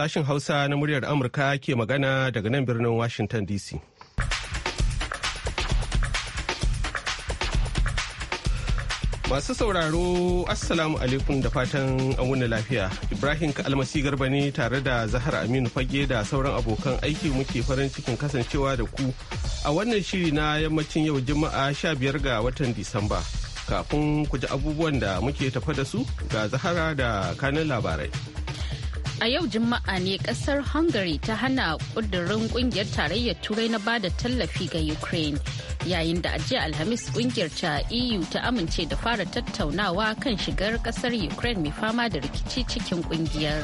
Sashen Hausa na muryar Amurka ke magana daga nan birnin Washington DC. Masu sauraro Assalamu alaikum da fatan an wuni lafiya. Ibrahim Almasi Garba ne tare da Zahar Aminu Fage da sauran abokan aiki muke farin cikin kasancewa da ku a wannan shiri na yammacin yau Juma'a biyar ga watan Disamba. Kafin ku ji abubuwan da muke tafa da su ga Zahara da kanin labarai. A yau Juma'a ne kasar Hungary ta hana kudurin kungiyar tarayyar Turai na bada tallafi ga Ukraine yayin da jiya Alhamis kungiyar ta EU ta amince da fara tattaunawa kan shigar kasar Ukraine mai fama da rikici cikin kungiyar.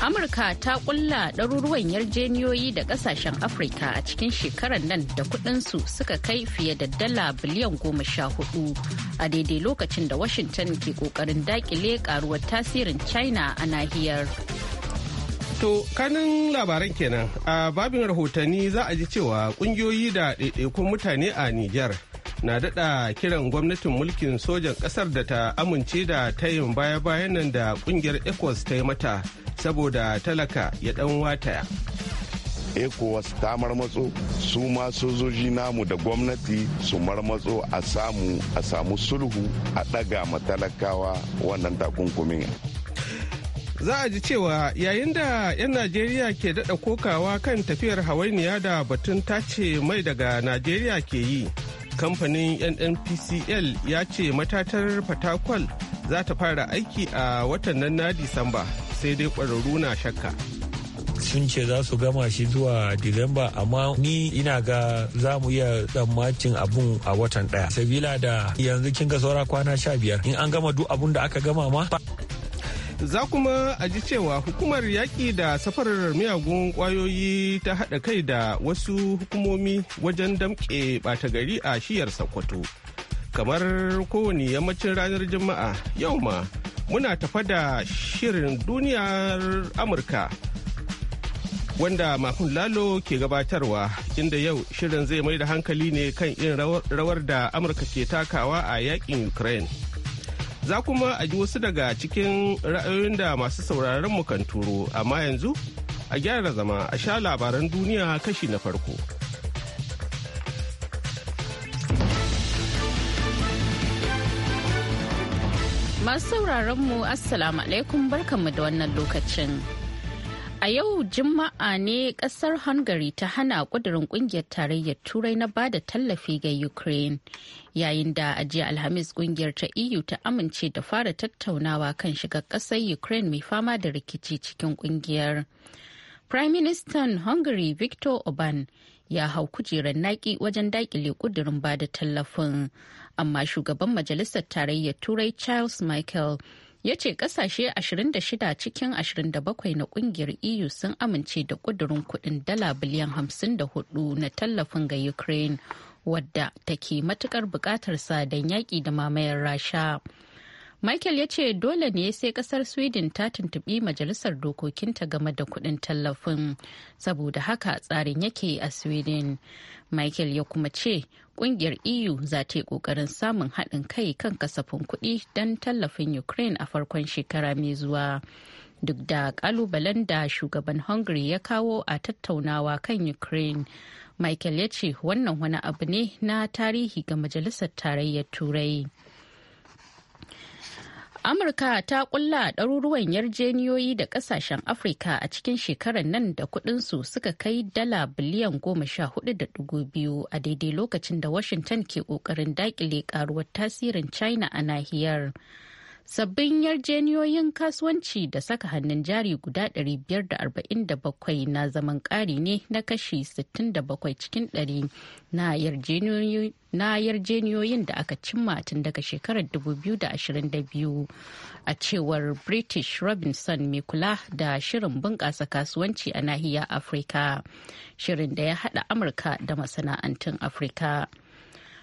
amurka ta kulla ɗaruruwan yarjeniyoyi da ƙasashen afirka a cikin shekarar nan da kuɗinsu suka kai fiye da dala biliyan goma sha hudu a daidai lokacin da washington ke ƙoƙarin daƙile ƙaruwar tasirin china a nahiyar To kanin labaran kenan a babin rahotanni za a ji cewa kungiyoyi da ɗaiɗaikun mutane a Nijar na daɗa kiran gwamnatin mulkin sojan ƙasar da ta amince da tayin baya-bayan nan da ƙungiyar ecowas ta yi mata saboda talaka ya dan wataya. ecowas ta marmatso su ma sojoji namu da gwamnati su marmatso a samu a samu sulhu a ɗaga matalakawa wannan takunkumin za a ji cewa yayin da 'yan najeriya ke daɗa kokawa kan tafiyar hawainiya da batun tace mai daga najeriya ke yi kamfanin nnpcl ya ce matatar fatakwal za ta fara aiki a watan nan na disamba sai dai kwararru na shakka sun ce za su gama shi zuwa Disamba amma ni ina ga za mu iya tsammacin abun a watan daya. Sabila da yanzu kin ga saura kwana sha biyar. In an gama duk abun da aka gama ma Za kuma a ji cewa hukumar yaƙi da safarar miyagun ƙwayoyi ta haɗa kai da wasu hukumomi wajen damƙe ɓata gari a shiyar Sakkwato Kamar kowane yammacin ranar Juma'a yau ma muna tafa da shirin duniyar Amurka. wanda Makun Lalo ke gabatarwa inda yau shirin zai mai da hankali ne kan irin rawar da Amurka ke takawa a yaƙin Ukraine. Za kuma a ji wasu daga cikin ra'ayoyin da masu sauraron mu kan turo, amma yanzu a gyara zama a sha labaran duniya kashi na farko. Masu sauraron mu Assalamu alaikum barkanmu da wannan lokacin. A yau Juma'a ne kasar Hungary ta hana kudurin kungiyar tarayyar Turai na bada tallafi ga Ukraine. Yayin da a jiya Alhamis kungiyar ta EU ta amince da fara tattaunawa kan shiga kasar Ukraine mai fama da rikici cikin kungiyar. Prime Minister Hungary Viktor Orban ya hau kujerar naki wajen dakile kudurin bada tallafin, amma shugaban majalisar tarayyar Turai Charles Michael ya ce kasashe 26 cikin 27 na kungiyar eu sun amince da kudurin kudin dala biliyan 54 na tallafin ga ukraine wadda take matukar bukatar sa don yaƙi da mamayar rasha michael ya ce dole ne sai kasar sweden ta tuntubi majalisar dokokinta game da kudin tallafin saboda haka tsarin yake a sweden michael ya kuma ce kungiyar eu za ta yi kokarin samun haɗin kai kan kasafin kuɗi don tallafin ukraine a farkon shekara mai zuwa duk da kalubalen da shugaban hungary ya kawo a tattaunawa kan ukraine michael ya ce wannan wani abu ne na tarihi ga majalisar tarayyar turai Amurka ta kulla ɗaruruwan yarjeniyoyi da ƙasashen Afirka a cikin shekarar nan da kuɗinsu suka kai dala biliyan goma sha hudu da dugu biyu a daidai lokacin da Washington ke ƙoƙarin daƙile ƙaruwar tasirin China a nahiyar. sabbin yarjeniyoyin kasuwanci da saka hannun jari guda 547 na zaman ƙari ne na kashi 67 cikin 100 na yarjeniyoyin da aka cimma tun daga shekarar 2022 a cewar british robinson mai kula da shirin bunƙasa kasuwanci a nahiyar afirka shirin da ya haɗa amurka da masana'antun afirka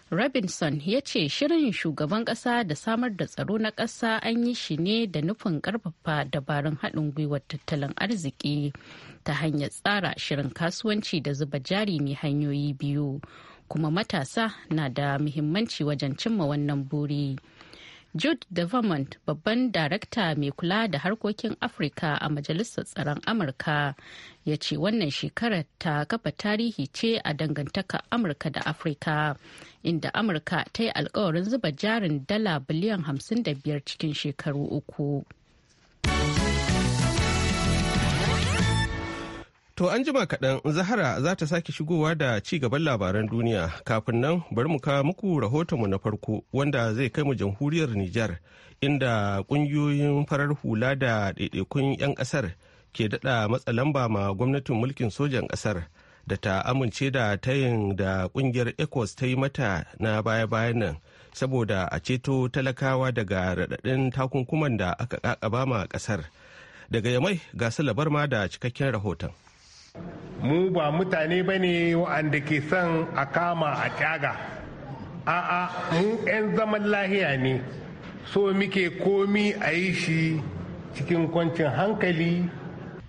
Robinson ya ce shirin shugaban kasa da samar da tsaro na kasa an yi shi ne da nufin karfafa dabarun haɗin gwiwar tattalin arziki ta hanyar tsara shirin kasuwanci da zuba jari mai hanyoyi biyu kuma matasa na da muhimmanci wajen cimma wannan buri. jude devermont babban darakta mai kula da harkokin afirka a majalisar tsaron amurka ya ce wannan shekarar ta kafa tarihi ce a dangantaka amurka da afirka inda amurka ta yi alkawarin zuba jarin dala biliyan 55 cikin shekaru uku. To an jima kaɗan Zahara za ta sake shigowa da ci gaban labaran duniya kafin nan bari mu kawo muku rahotonmu na farko wanda zai kai mu jamhuriyar Nijar inda ƙungiyoyin farar hula da ɗaiɗaikun 'yan ƙasar ke daɗa matsa lamba ma gwamnatin mulkin sojan ƙasar da ta amince da tayin da ƙungiyar ECOWAS ta yi mata na baya-bayan nan saboda a ceto talakawa daga raɗaɗin takunkuman da aka ƙaƙaba ma ƙasar. Daga yamai ga labar ma da cikakken rahoton. mu ba mutane ba ne wa'anda ke son a kama a kyaga a'a mu 'yan zaman lahiya ne so muke komi a yi shi cikin kwancin hankali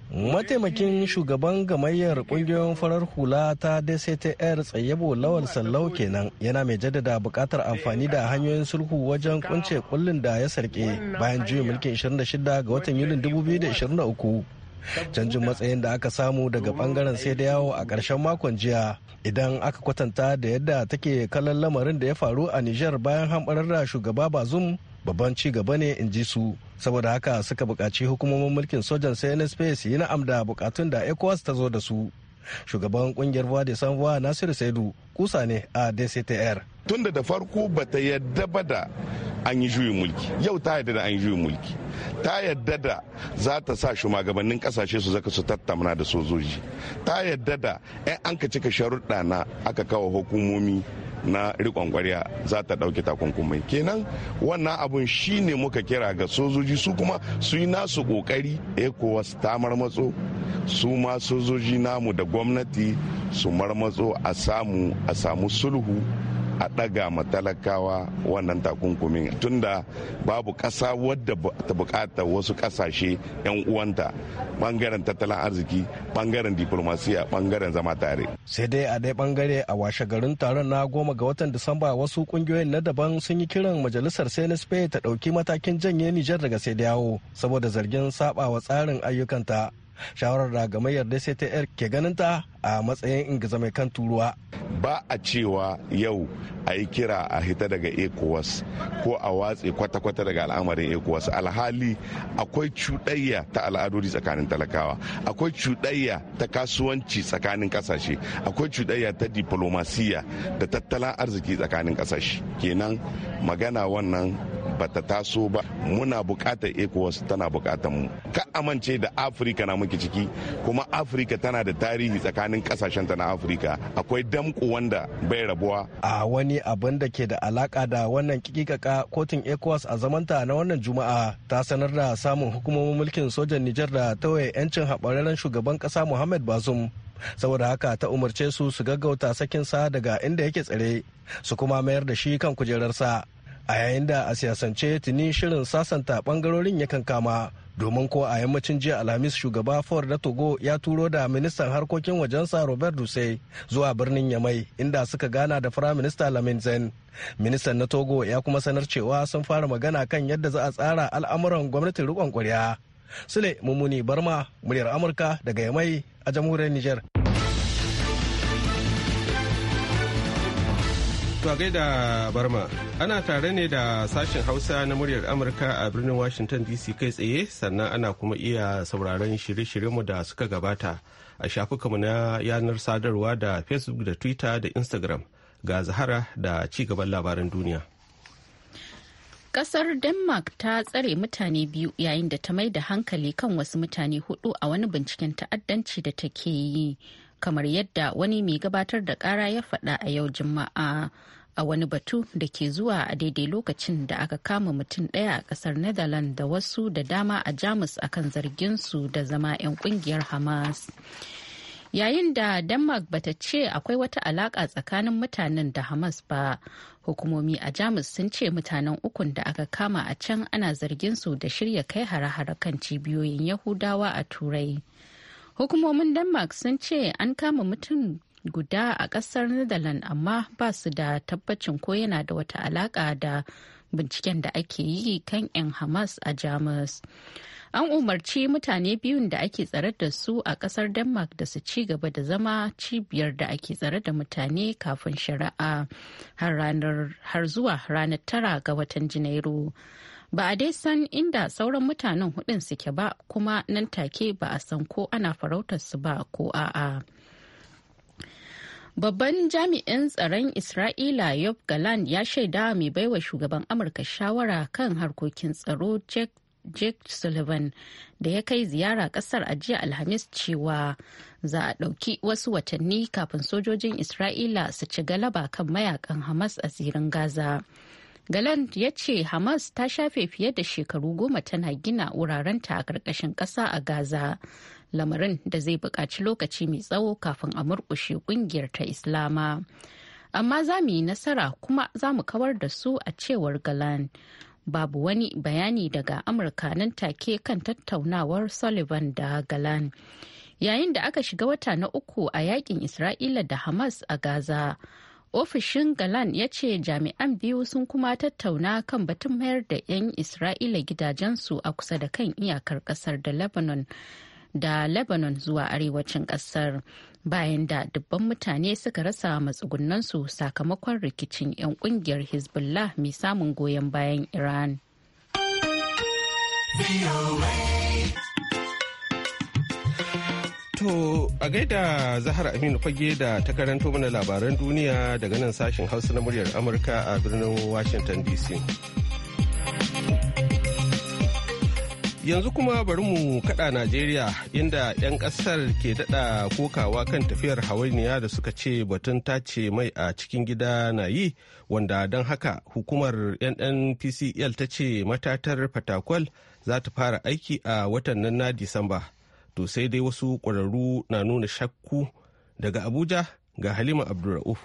mataimakin shugaban gamayyar kungiyoyin farar hula ta dctr tsayyabo lawal sallau kenan yana mai jaddada bukatar amfani da hanyoyin sulhu wajen kunce kullin da ya sarke bayan juyin mulkin 26 ga watan yulin 2023 canjin matsayin da aka samu daga bangaren sai da yawo a ƙarshen makon jiya idan aka kwatanta da yadda take kallon lamarin da ya faru a nijar bayan hamɓarar da shugaba bazum babban ci gaba ne in ji su saboda haka suka bukaci hukumomin mulkin sojan sai nsp su yi na'am da bukatun da ecowas ta zo da su shugaban kungiyar voa da san nasiru saidu kusa ne a dctr tunda da farko bata yadda ba da an yi juyin mulki yau ta yadda da an yi juyin mulki ta yadda da za ta sa shugabannin kasashe su zaka su tattamna da sojoji ta yadda da 'yan an ka cika sharuɗa na aka kawo hukumomi na rikon kwarya za ta ɗauki takunkumai kenan wannan abun shi ne muka kira ga sojoji su kuma su yi nasu ƙoƙari ecowas ta marmatso su ma sojoji namu da gwamnati su marmatso a a samu sulhu a ɗaga ma talakawa wannan takunkumin tunda babu ƙasa wadda ta bukata wasu ƙasashe 'yan uwanta bangaren tattalin arziki bangaren diplomasiya bangaren zama tare sai dai a dai bangare a washe garin taron na goma ga watan disamba wasu ƙungiyoyin na daban sun yi kiran majalisar senespe ta ɗauki matakin janye nijar daga sai yawo saboda zargin saɓawa tsarin ayyukanta shawarar da gamayyar dctr ke ganin ta a matsayin ingiza mai kan turuwa ba a cewa yau a yi kira a hita daga ecowas ko a watse kwata-kwata daga al'amarin ecowas alhali akwai cuɗayya ta al'adodi tsakanin talakawa akwai cuɗayya ta kasuwanci tsakanin kasashe akwai cuɗayya ta diplomasiya da tattalin arziki tsakanin kasashe kenan magana wannan ba ta taso ba muna bukatar ecowas tana bukatar mu ka amince da afirka na muke ciki kuma afirka tana da tarihi tsakanin tsakanin kasashen na afirka akwai damko wanda bai rabuwa a wani abin da ke da alaka da wannan kikikaka kotun ecowas a zamanta na wannan juma'a ta sanar da samun hukumomin mulkin sojan nijar da tawaye 'yancin haɓararren shugaban ƙasa muhammad bazum saboda haka ta umarce su su gaggauta sakinsa daga inda yake tsare su kuma mayar da shi kan kujerarsa a yayin da a siyasance tuni shirin sasanta bangarorin yakan kama domin ko a yammacin jiya alhamis shugaba for na togo ya turo da ministan harkokin wajensa robert dusai zuwa birnin yamai inda suka gana da firayim minista lamin zen ministan na togo ya kuma sanar cewa sun fara magana kan yadda za a tsara al'amuran gwamnatin rikon kwarya sule mummuni barma muryar amurka daga yamai a jamhuriyar niger To gaida Barma, ana tare ne da sashen Hausa na muryar Amurka a birnin Washington DC kai tsaye sannan ana kuma iya sauraron shirye-shiryenmu da suka gabata a mu na yanar sadarwa da Facebook da Twitter da Instagram ga Zahara da ci gaban labaran duniya. Kasar Denmark ta tsare mutane biyu yayin da ta mai da hankali kan wasu mutane hudu a wani binciken ta'addanci da take yi. kamar yadda wani mai gabatar da kara ya faɗa a yau juma'a a wani batu da ke zuwa a daidai lokacin da aka kama mutum ɗaya a ƙasar netherlands da wasu da dama a jamus akan zarginsu da zama 'yan ƙungiyar hamas yayin da denmark bata ce akwai wata alaƙa tsakanin mutanen da hamas ba hukumomi a jamus sun ce mutanen ukun da aka kama a can ana zargin su da shirya kai hare-hare kan cibiyoyin yahudawa a turai Hukumomin Denmark sun ce an kama mutum guda a kasar Netherlands amma ba su da tabbacin ko yana da wata alaƙa da binciken da ake yi kan 'yan Hamas a Jamus. An umarci mutane biyun da ake tsare da su a kasar Denmark da su ci gaba da zama cibiyar da ake tsare da mutane kafin shari'a har zuwa ranar tara ga watan Janairu. ba a dai san inda sauran mutanen hudun suke ba kuma nan take ba a san ko ana farautar su ba ko a'a. Babban jami'in tsaron Isra'ila Yob Galan ya shaida mai baiwa shugaban Amurka shawara kan harkokin tsaro Jack Jake Sullivan da ya kai ziyara kasar a jiya Alhamis cewa za a ɗauki wasu watanni kafin sojojin Isra'ila su ci galaba kan mayakan Hamas a zirin Gaza. Galan ya ce Hamas ta shafe fiye da shekaru goma tana gina wurarenta a ƙarƙashin ƙasa a Gaza, lamarin da zai buƙaci lokaci mai tsawo kafin a murƙushe ƙungiyar ta Islama. Amma za mu yi nasara kuma za mu kawar da su a cewar Galan. Babu wani bayani daga Amurka nan take kan tattaunawar Sullivan da Galan. Yayin da aka shiga wata na uku a yakin Isra'ila da Hamas a Gaza. ofishin galan ya ce jami'an biyu sun kuma tattauna kan batun mayar da 'yan isra'ila gidajensu a kusa da kan iyakar kasar da lebanon da lebanon zuwa arewacin kasar bayan da dubban mutane suka rasa matsugunansu sakamakon rikicin 'yan kungiyar hezbollah mai samun goyon bayan iran. To a gaida Zahar Aminu fage da ta karanto mana labaran duniya daga nan sashen Hausa na muryar Amurka a birnin Washington DC. Yanzu kuma bari mu kada Najeriya inda 'yan kasar ke dada kokawa kan tafiyar hawainiya da suka ce batun tace mai a cikin gida na yi wanda don haka hukumar NNPCL ta ce matatar fatakwal za ta fara aiki a watan nan na Disamba. to sai dai wasu ƙwararru na nuna shakku daga abuja ga halima abdulra'uf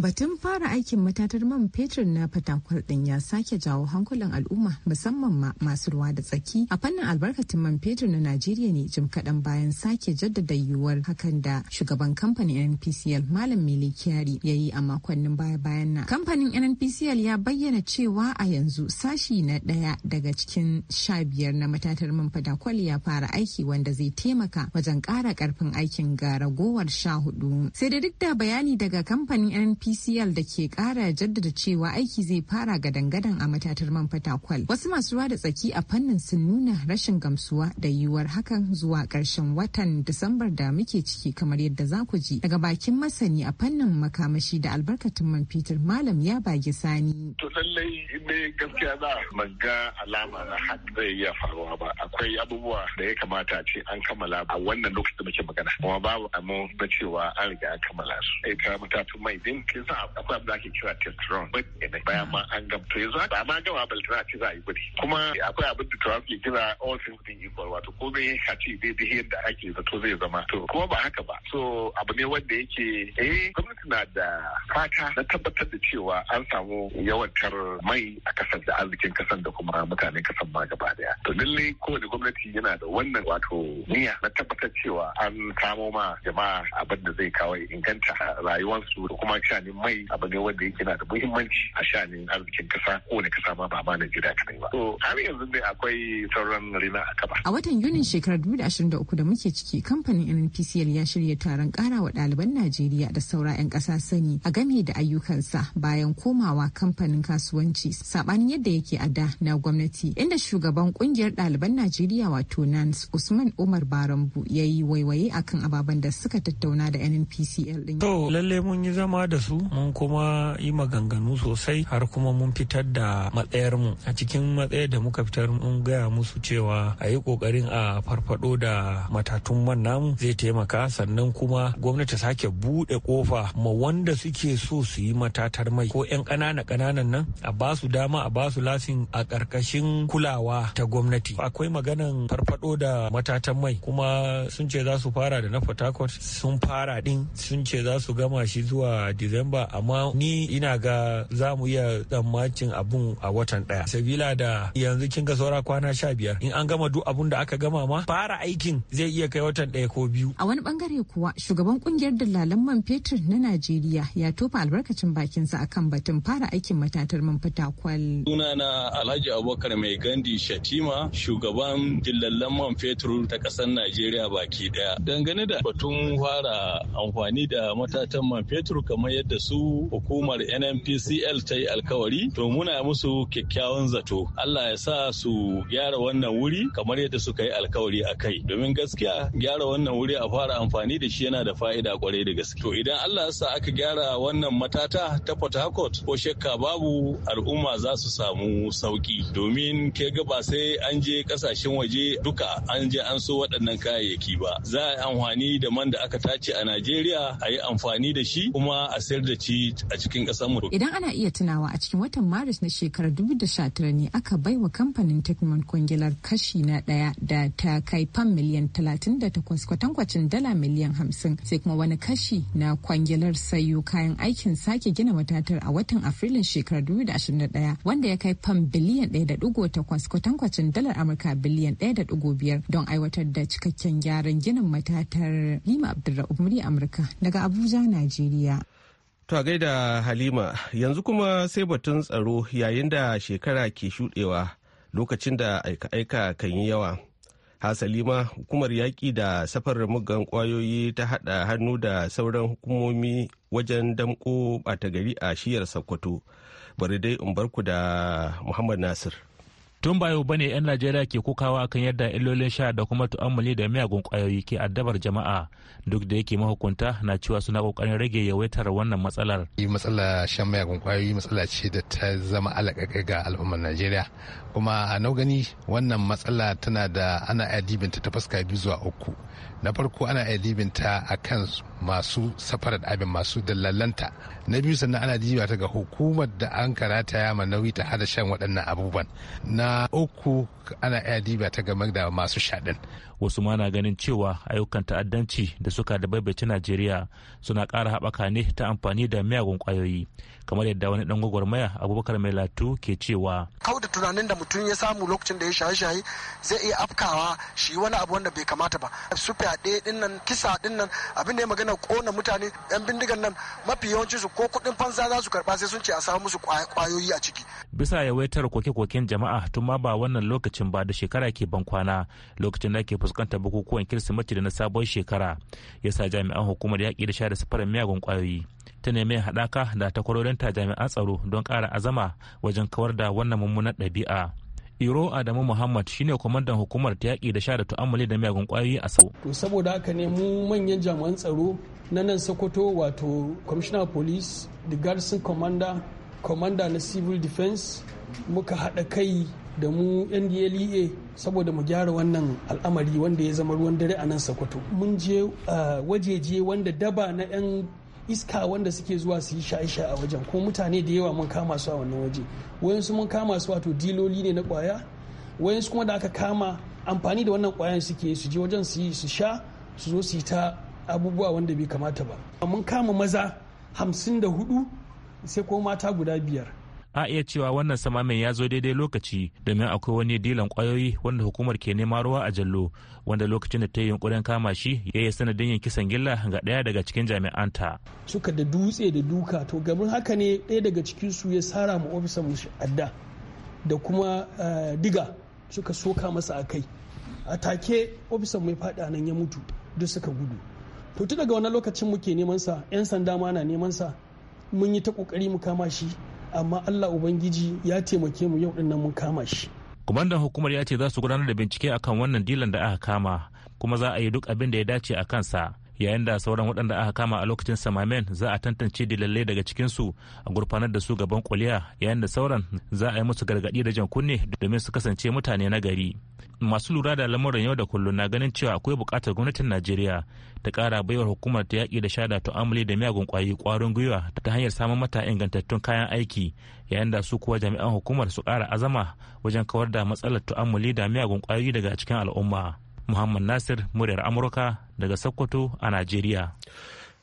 Batun fara aikin matatar man fetur na fatakwal din ya sake jawo hankulan al'umma musamman ma masu ruwa da tsaki a fannin albarkatun man fetur na Najeriya ne jim kaɗan bayan sake jaddada yiwuwar hakan da shugaban kamfanin NPCL Malam Mele Kyari ya yi a makonnin baya-bayan nan. Kamfanin NPCL ya bayyana cewa a yanzu sashi na ɗaya daga cikin sha biyar na matatar man fatakwal ya fara aiki wanda zai taimaka wajen ƙara ƙarfin aikin ga ragowar sha hudu. Sai da duk da bayani daga kamfanin NPCL PCL da ke kara jaddada cewa aiki zai fara gadan-gadan a matatar man fatakwal. Wasu masu ruwa da tsaki a fannin sun nuna rashin gamsuwa da yiwuwar hakan zuwa karshen watan Disambar da muke ciki kamar yadda za ku ji daga bakin masani a fannin makamashi da albarkatun man fetur Malam ya bagi sani. To lallai ne gaskiya za ban ga alama na haɗin zai iya faruwa ba. Akwai abubuwa da ya kamata ce an kammala a wannan lokacin da muke magana. Kuma babu amon na cewa an riga an kammala su. Ita matatun mai din shi sa akwai abu da ake kira testosterone but ne bayan ma an gama to yanzu ba ma gama da ce za a yi gudi kuma akwai abin da turan ke kira all things being equal wato ko zai yi haci zai bi yadda ake zato zai zama to kuma ba haka ba so abu ne wanda yake eh gwamnati na da fata na tabbatar da cewa an samu yawantar mai a kasar da arzikin kasar da kuma mutanen kasar ma gaba daya to lalle kowane gwamnati yana da wannan wato niyya na tabbatar cewa an samo ma jama'a abin da zai kawo inganta rayuwarsu da kuma sha sha'anin mai abu ne wanda yake na da muhimmanci a shanin arzikin kasa ko da kasa ma ba mana gida kadai ba. To har yanzu dai akwai sauran rina a kaba. A watan Yunin shekarar 2023 da muke ciki kamfanin NNPCL ya shirya taron kara wa ɗaliban Najeriya da saura 'yan ƙasa sani a game da ayyukansa bayan komawa kamfanin kasuwanci Saɓanin yadda yake a da na gwamnati inda shugaban ƙungiyar ɗaliban Najeriya wato NANS Usman Umar Barambu ya yi waiwaye akan ababen da suka tattauna da NNPCL ɗin. To lalle mun yi zama da su mun kuma yi maganganu sosai har kuma mun fitar da matsayarmu a cikin matsayar da muka fitar mun gaya musu cewa a yi kokarin a farfado da matatun man namu zai taimaka sannan kuma gwamnati sake buɗe kofa ma wanda suke so su yi matatar mai ko 'yan ƙanana ƙananan nan a ba su dama a ba su lasin a ƙarƙashin kulawa ta gwamnati akwai maganan farfado da matatan mai kuma sun ce za su fara da na port sun fara din sun ce za su gama shi zuwa disamba ba amma ni ina ga za mu iya tsammacin abun a watan daya. Sabila da yanzu kin ga saura kwana sha biyar in an gama duk abun da aka gama ma fara aikin zai iya kai watan daya ko biyu. A wani bangare kuwa shugaban kungiyar dalalan man fetur na Najeriya ya tofa albarkacin bakinsa akan batun fara aikin matatar man fatakwal. na Alhaji Abubakar Mai Gandi Shatima shugaban dillallan man fetur ta kasar Najeriya baki daya. Dangane da batun fara amfani da matatan man fetur kamar yadda da su hukumar NNPCL ta yi alkawari to muna musu kyakkyawan zato. Allah ya sa su gyara wannan wuri kamar yadda suka yi alkawari a kai. Domin gaskiya gyara wannan wuri a fara amfani da shi yana da fa'ida kwarai da gaske. To idan Allah ya sa aka gyara wannan matata ta Port Harcourt ko shakka babu al'umma za su samu sauki. Domin ke ga ba sai an je kasashen waje duka an je an so waɗannan kayayyaki ba. Za a yi amfani da man da aka tace a Najeriya a yi amfani da shi kuma a sayar sayar da ci a cikin ƙasar mu. Idan ana iya tunawa a cikin watan Maris na shekarar 2019 ne aka bai wa kamfanin Techman kwangilar kashi na ɗaya da ta kai fan miliyan 38 kwatankwacin dala miliyan 50 sai kuma wani kashi na kwangilar sayo kayan aikin sake gina matatar a watan Afrilun shekarar 2021 wanda ya kai fan biliyan 1.8 kwatankwacin dalar Amurka biliyan 1.5 don aiwatar da cikakken gyaran ginin matatar Lima Abdulrahman Amurka daga Abuja, Najeriya. To a gaida Halima yanzu kuma sai batun tsaro yayin da shekara ke shuɗewa lokacin da aika-aika kan yi yawa. Hasalima hukumar yaƙi da safar muggan ƙwayoyi ta haɗa hannu da sauran hukumomi wajen damƙo ɓata gari a shiyar Sokoto. Bari dai in barku da Muhammad Nasir. tun ba yau bane 'yan najeriya ke kokawa kan yadda illolin sha da kuma tu'ammali da miyagun kwayoyi ke addabar jama'a duk da yake mahukunta na cewa suna kokarin rage yawaitar wannan matsalar matsala shan miyagun kwayoyi matsala ce da ta zama alaƙaƙa ga al'ummar najeriya kuma a nau gani wannan matsala tana da ana adibinta ta fuska biyu zuwa uku na farko ana adibinta a kan masu safarar abin masu dallalanta na biyu sannan ana diba ta ga hukumar da an karata ya ma nauyi ta hada shan waɗannan abubuwan na uku ana iya diba ta game da masu shaɗin wasu ma na ganin cewa ayyukan ta'addanci da suka da baibaci najeriya suna kara haɓaka ne ta amfani da miyagun kwayoyi kamar yadda wani ɗan gwagwarmaya abubakar mai latu ke cewa kau da tunanin da mutum ya samu lokacin da ya shaye-shaye zai iya afkawa shi wani abu wanda bai kamata ba su fyaɗe ɗinnan kisa ɗinnan abin da ya magana kona mutane yan bindigan nan mafi yawanci su ko kuɗin fansa za su karɓa sai sun ce a samu musu ƙwayoyi a ciki bisa yawaitar koke-koken jama'a tun ma ba wannan lokacin ba da shekara ke ban kwana lokacin da ke fuskantar bukukuwan kirsimati da na sabon shekara yasa jami'an hukumar yaƙi da sha da sifarin miyagun ƙwayoyi ta nemi haɗaka da ta jami'an tsaro don ƙara azama wajen kawar da wannan mummunan ɗabi'a iro adamu muhammad shine kwamandan hukumar ta yaƙi da sha da tu'ammali da miyagun ƙwayoyi a sau to saboda haka ne mu manyan jami'an tsaro na nan sokoto wato commissioner police the garrison commander kwamanda na civil defense muka haɗa kai da mu ndlea saboda mu gyara wannan al'amari wanda ya zama ruwan dare a nan sokoto mun je wajeje wanda daba na 'yan iska wanda suke zuwa su yi shaye a wajen kuma mutane da yawa mun kama su a wannan waje wayansu mun kama su wato diloli ne na kwaya wayansu kuma da aka kama amfani da wannan kwayan suke su je wajen su yi su sha su zo su yi ta abubuwa wanda bai kamata ba mun kama maza hamsin da hudu sai ko mata guda biyar a iya cewa wannan samamin ya zo daidai lokaci domin akwai wani dilan kwayoyi wanda hukumar ke nema ruwa a jallo wanda lokacin da ta yi yunkurin kama shi ya yi sanadin yin kisan gilla ga ɗaya daga cikin ta suka da dutse da duka to gabin haka ne ɗaya daga cikin su ya sara ma ofisa adda da kuma eh, diga suka soka masa a kai a take ofisan mai faɗa nan ya mutu duk suka gudu to tun daga wani lokacin muke neman sa 'yan sanda ma na neman sa mun yi ta kokari mu kama shi amma allah ubangiji ya taimake mu yau dinnan mun kama shi komandan hukumar ya ce za su gudanar da bincike akan wannan dilan da aka kama kuma za a yi duk abin da ya dace a kansa yayin da sauran waɗanda aka kama a lokacin samamen za a tantance dilalle daga cikinsu a gurfanar da su gaban kuliya yayin da sauran za a yi musu gargaɗi da jan kunne domin su kasance mutane na gari masu lura da lamuran yau da kullum na ganin cewa akwai buƙatar gwamnatin najeriya ta ƙara baiwar hukumar ta yaƙi da shaɗa shada tu'amuli da miyagun ƙwayoyi ƙwarin gwiwa ta hanyar samun mata ingantattun kayan aiki yayin da su kuwa jami'an hukumar su ƙara azama wajen kawar da matsalar tu'amuli da miyagun ƙwayoyi daga cikin al'umma Muhammad Nasir muryar Amurka daga Sokoto a Najeriya.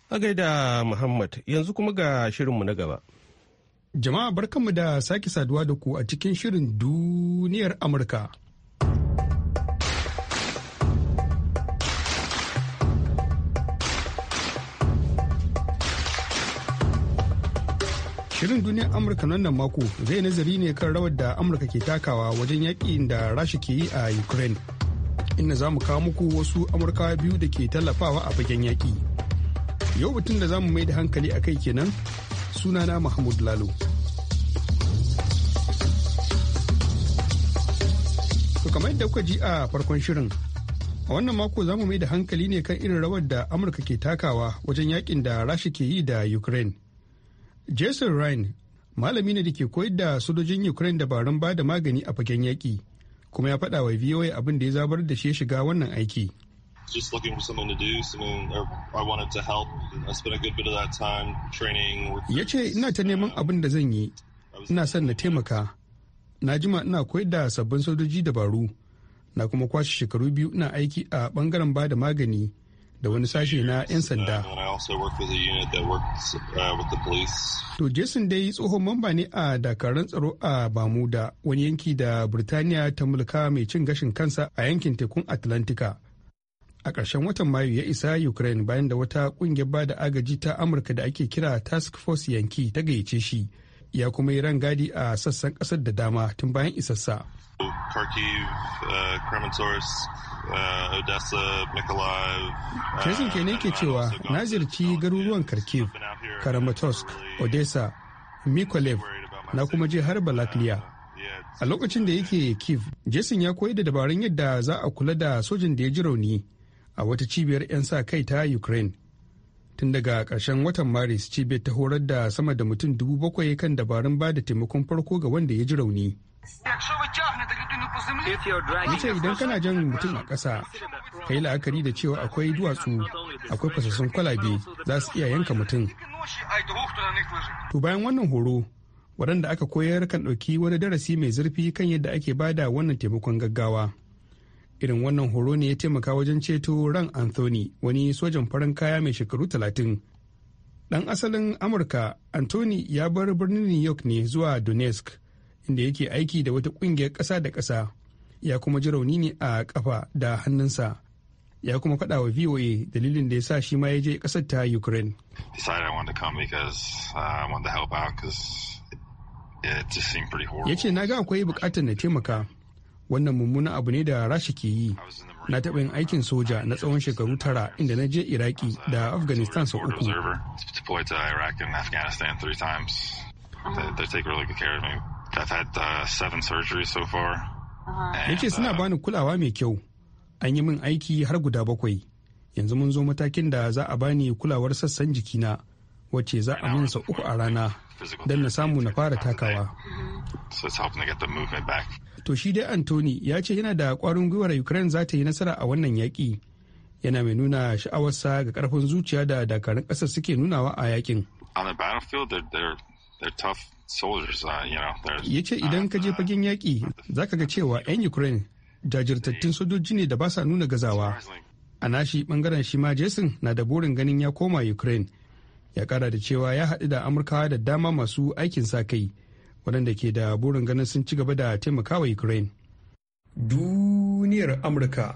A gaida Muhammad yanzu kuma ga shirinmu na gaba. Jama'a barkanmu da sake saduwa da ku a cikin shirin duniyar Amurka. Shirin duniyar Amurka nan mako zai nazari ne kan rawar da Amurka ke takawa wajen yaƙin da Rasha ke yi a Ukraine. inda za mu kawo muku wasu amurkawa biyu da ke tallafawa a fagen yaƙi yau batun da za mu mai da hankali a kai kenan sunana mahmud lalo to kamar yadda kuka ji a farkon shirin a wannan mako za mu mai da hankali ne kan irin rawar da amurka ke takawa wajen yakin da rasha ke yi da ukraine jason ryan malami ne da ke koyar da sojojin ukraine dabarun ba da magani a fagen yaƙi kuma ya faɗa wa VOA abin da ya zabar da shi shiga wannan aiki. just looking for Ya ce ina ta neman uh, abin da zan yi, ina son na taimaka. Na jima ina koyar da sabbin sojoji dabaru, na kuma kwashe shekaru biyu ina aiki a bangaren ba da magani da wani sashe na 'yan sanda. Uh, to Jason dai tsohon mamba ne a dakarun tsaro a Bamuda wani yanki da Birtaniya ta mulka mai cin gashin kansa a yankin tekun Atlantika. A ƙarshen watan Mayu ya isa Ukraine bayan da wata ƙungiyar ba da agaji ta Amurka da ake kira Task Force Yanki ta gayyace shi. Ya kuma yi rangadi a sassan ƙasar da dama tun bayan isassa. Kharkiv, uh, uh, Odessa, uh, ke ne ke cewa na ziyarci garuruwan Kharkiv, Karamatosk, Odessa, Mykolaiv na kuma je har Balaklia. Uh, a lokacin da yake kiv Jason ya koyi da dabarun yadda za a kula da sojin da ya ji rauni a wata cibiyar 'yan sa kai ta Ukraine. Tun daga ƙarshen watan Maris cibiyar ta horar da sama da mutum dubu bakwai kan dabarun ba da taimakon farko ga wanda ya ji rauni. Ya ce idan kana jan mutum a ƙasa, ka yi la'akari da cewa akwai duwatsu, akwai fasassun kwalabe za su iya yanka mutum. To bayan wannan horo, waɗanda aka koyar kan ɗauki wani darasi mai zurfi kan yadda ake ba da wannan taimakon gaggawa. Irin wannan horo ne ya taimaka wajen ceto ran Anthony, wani sojan farin kaya mai shekaru talatin Ɗan asalin Amurka, Anthony ya bar birnin New York ne zuwa Donetsk, inda yake aiki da wata ƙungiyar ƙasa da ƙasa ya kuma ji rauni ne a kafa da hannunsa ya kuma faɗa wa voa dalilin da ya sa shi ma ya je ƙasar ta ukraine uh, ya ce na ga akwai buƙatar na taimaka wannan mummunan abu ne da rasha ke yi na taɓa yin aikin soja na tsawon shekaru tara inda na je iraki da afghanistan sau uku I've had uh, seven surgeries so far. yace suna bani kulawa mai kyau an yi min aiki har guda bakwai yanzu mun zo matakin da za a bani kulawar sassan jikina wacce za a sau uku a rana don na samu na fara takawa to shi dai anthony ya ce yana da kwarin gwiwar ukraine za ta yi nasara a wannan yaƙi yana mai nuna sha'awarsa ga karfin zuciya da dakarun ƙasar suke nunawa a yakin Uh, ya ce uh, idan ka je uh, fagen yaƙi za ka ga cewa 'yan ukraine jajirtattun sojoji ne da ba sa nuna gazawa a nashi bangaren shi ma jason na da burin ganin ya koma ukraine ya kara da cewa ya haɗu da amurkawa da dama masu aikin sa kai waɗanda ke da burin ganin sun ci gaba da taimakawa ukraine duniyar amurka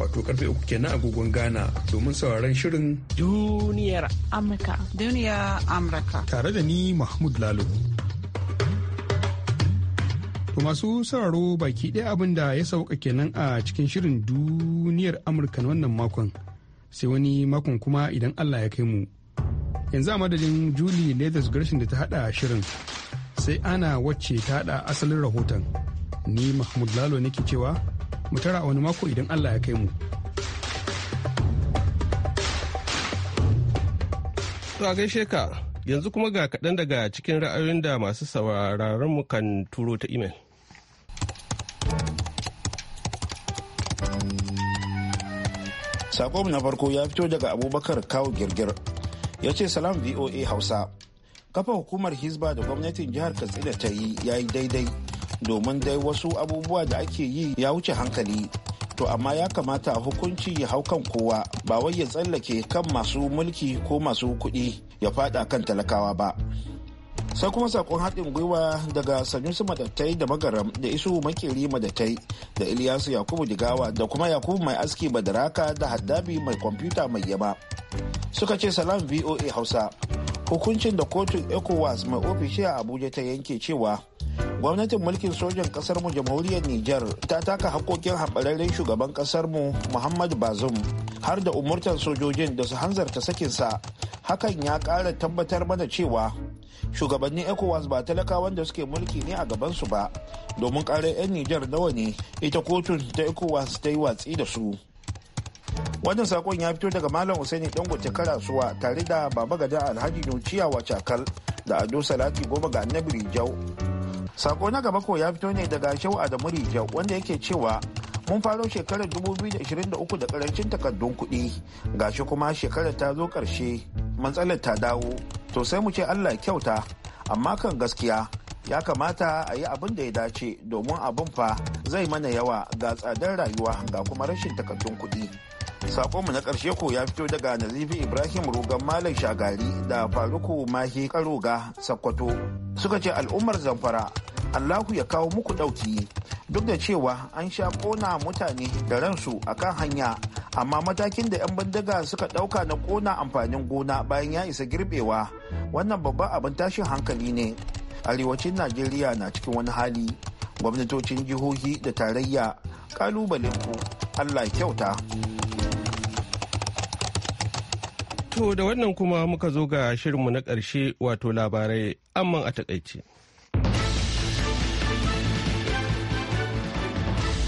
wato karfe uku kenan agogon Ghana domin sauraron shirin duniyar Amurka. Duniyar Amurka. Tare da ni Mahmud Lalo. To masu sauraro baki ɗaya abin da ya sauka kenan a cikin shirin duniyar Amurka na wannan makon. Sai wani makon kuma idan Allah ya kai mu. Yanzu a madadin Julie Leathers Gershon da ta hada shirin. Sai ana wacce ta hada asalin rahoton. Ni Mahmud Lalo nake cewa mu tara wani mako idan Allah ya kai mu. To a gaishe ka yanzu kuma ga kaɗan daga cikin ra'ayoyin da masu sauraron mu kan turo ta imel. Sakon na farko ya fito daga abubakar kawo girgir ya ce salam voa hausa kafa hukumar hizba da gwamnatin jihar katsina ta yi ya yi daidai domin dai wasu abubuwa da ake yi ya wuce hankali to amma ya kamata hukunci ya hau kan kowa ba wai ya tsallake kan masu mulki ko masu kuɗi ya fada kan talakawa ba sai kuma sakon haɗin gwiwa daga sanusi madattai da magaram da isu makeri madattai da iliyasu yakubu digawa da kuma yakubu mai aski badaraka da haddabi mai kwamfuta mai yaba suka ce salam voa hausa hukuncin da kotun ecowas mai ofishi a abuja ta yanke cewa gwamnatin mulkin sojan kasar mu jamhuriyar Nijar ta taka hakokin haɓararren shugaban kasar mu Muhammad Bazum har da umurtan sojojin da su hanzarta sakinsa hakan ya ƙara tabbatar mana cewa shugabannin ECOWAS ba talakawan da suke mulki ne a gabansu ba domin ƙarar 'yan Nijar nawa ne ita kotun ta ECOWAS ta yi watsi da su. wannan sakon ya fito daga malam usaini dangote karasuwa tare da baba gada alhaji nuciya wacakal da ado salati goma ga annabi rijau sako na gaba ko ya fito ne daga shehu adamu jau wanda yake cewa mun faro shekarar 2023 da karancin takardun kuɗi gashi kuma shekarar ta zo ƙarshe matsalar ta dawo to sai mu ce allah kyauta amma kan gaskiya ya kamata a yi abin da ya dace domin abin fa zai mana yawa ga tsadar rayuwa ga kuma rashin takardun kuɗi Sakonmu na ƙarshe ko ya fito daga Nazifi Ibrahim Rugan Malam Shagari da Faruku Mahi Karoga Sakkwato suka ce al'ummar Zamfara Allahu ya kawo muku ɗauki duk da cewa an sha ƙona mutane da ransu akan hanya amma matakin da 'yan bandaga suka ɗauka na kona amfanin gona bayan ya isa girbewa wannan babban abin tashin hankali ne arewacin najeriya na cikin wani hali gwamnatocin jihohi da tarayya ƙalubale ku allah kyauta To da wannan kuma muka zo ga shirinmu na ƙarshe wato labarai amman a takaice.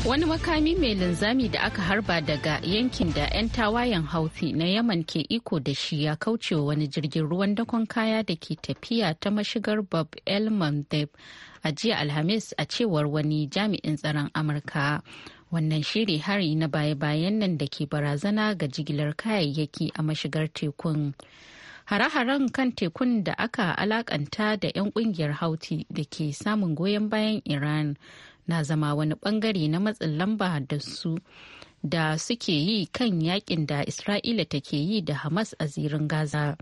Wani makami mai linzami da aka harba daga yankin da 'yan tawayen hauti na Yaman ke iko da shi ya kaucewa wani jirgin ruwan dakon kaya da ke tafiya ta mashigar Bob El a jiya Alhamis a cewar wani jami'in tsaron Amurka. wannan shiri hari na baya-bayan nan da ke barazana ga jigilar kayayyaki a mashigar tekun hare-haren kan tekun da aka alakanta da 'yan kungiyar hauti da ke samun goyon bayan iran na zama wani bangare na matsin lamba da su da suke yi kan yakin da isra'ila take yi da hamas a zirin gaza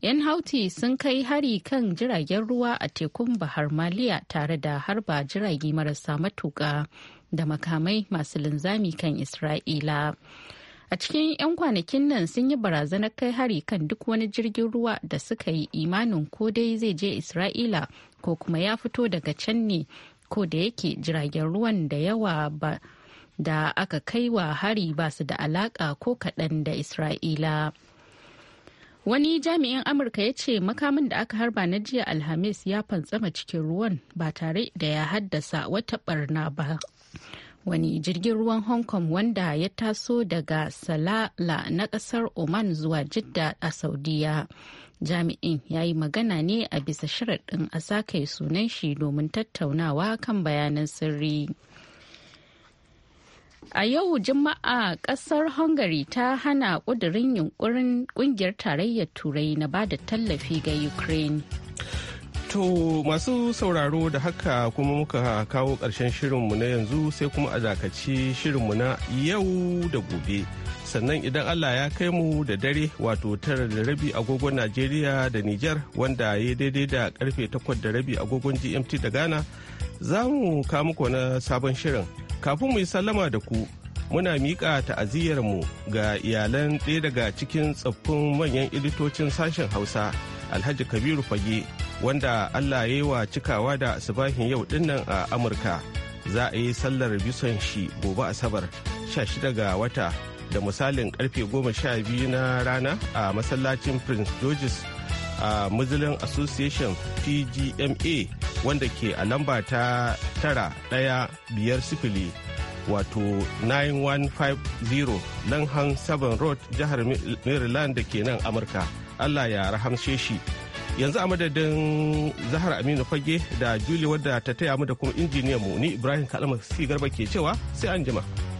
'yan hauti sun kai hari kan jiragen ruwa a tekun bahar maliya tare da harba jirage marasa matuka da makamai masu linzami kan Isra'ila. A cikin 'yan kwanakin nan sun yi barazanar kai hari kan duk wani jirgin ruwa da suka yi imanin ko dai zai je Isra'ila ko kuma ya fito daga can ne ko da yake jiragen ruwan da yawa ba. da aka kai wa hari ba su da alaka ko kaɗan da isra'ila wani jami'in amurka ya ce makamin da aka harba na jiya alhamis ya fantsama cikin ruwan ba tare da ya haddasa wata barna ba wani jirgin ruwan hong kong wanda ya taso daga salala na kasar oman zuwa jidda a saudiya jami'in ya yi magana ne a bisa sharaɗin a sakai sunan shi domin tattaunawa kan bayanan sirri A yau Juma'a kasar Hungary ta hana ƙudurin yunkurin ƙungiyar tarayyar Turai na bada tallafi ga Ukraine. To masu sauraro da haka kuma muka kawo ƙarshen shirinmu na yanzu sai kuma a dakaci shirinmu na yau da gobe. Sannan idan Allah ya kai mu da dare wato tara da rabi agogon Najeriya da Nijar wanda ya daidai da karfe takwas da rabi agogon GMT da Ghana za mu muku sabon shirin. Kafin mu yi sallama da ku muna miƙa ta'aziyyarmu ga iyalan ɗaya daga cikin tsoffin manyan editocin sashen Hausa Alhaji Kabiru Fage wanda Allah ya yi wa cikawa da asibahin yau dinnan a Amurka. Za a yi sallar bison shi gobe Asabar 16 ga wata da misalin karfe 12 na rana a masallacin Prince George's a Muslim Association PGMA wanda ke a lamba ta tara ɗaya biyar sifili wato 9150 Langham 7 Road jihar Maryland da ke nan Amurka. Allah ya rahamshe shi. yanzu a madadin zahar aminu fage da juli wadda ta taya mu da kuma injiniyan mu ni ibrahim kalamar si garba ke cewa sai an jima.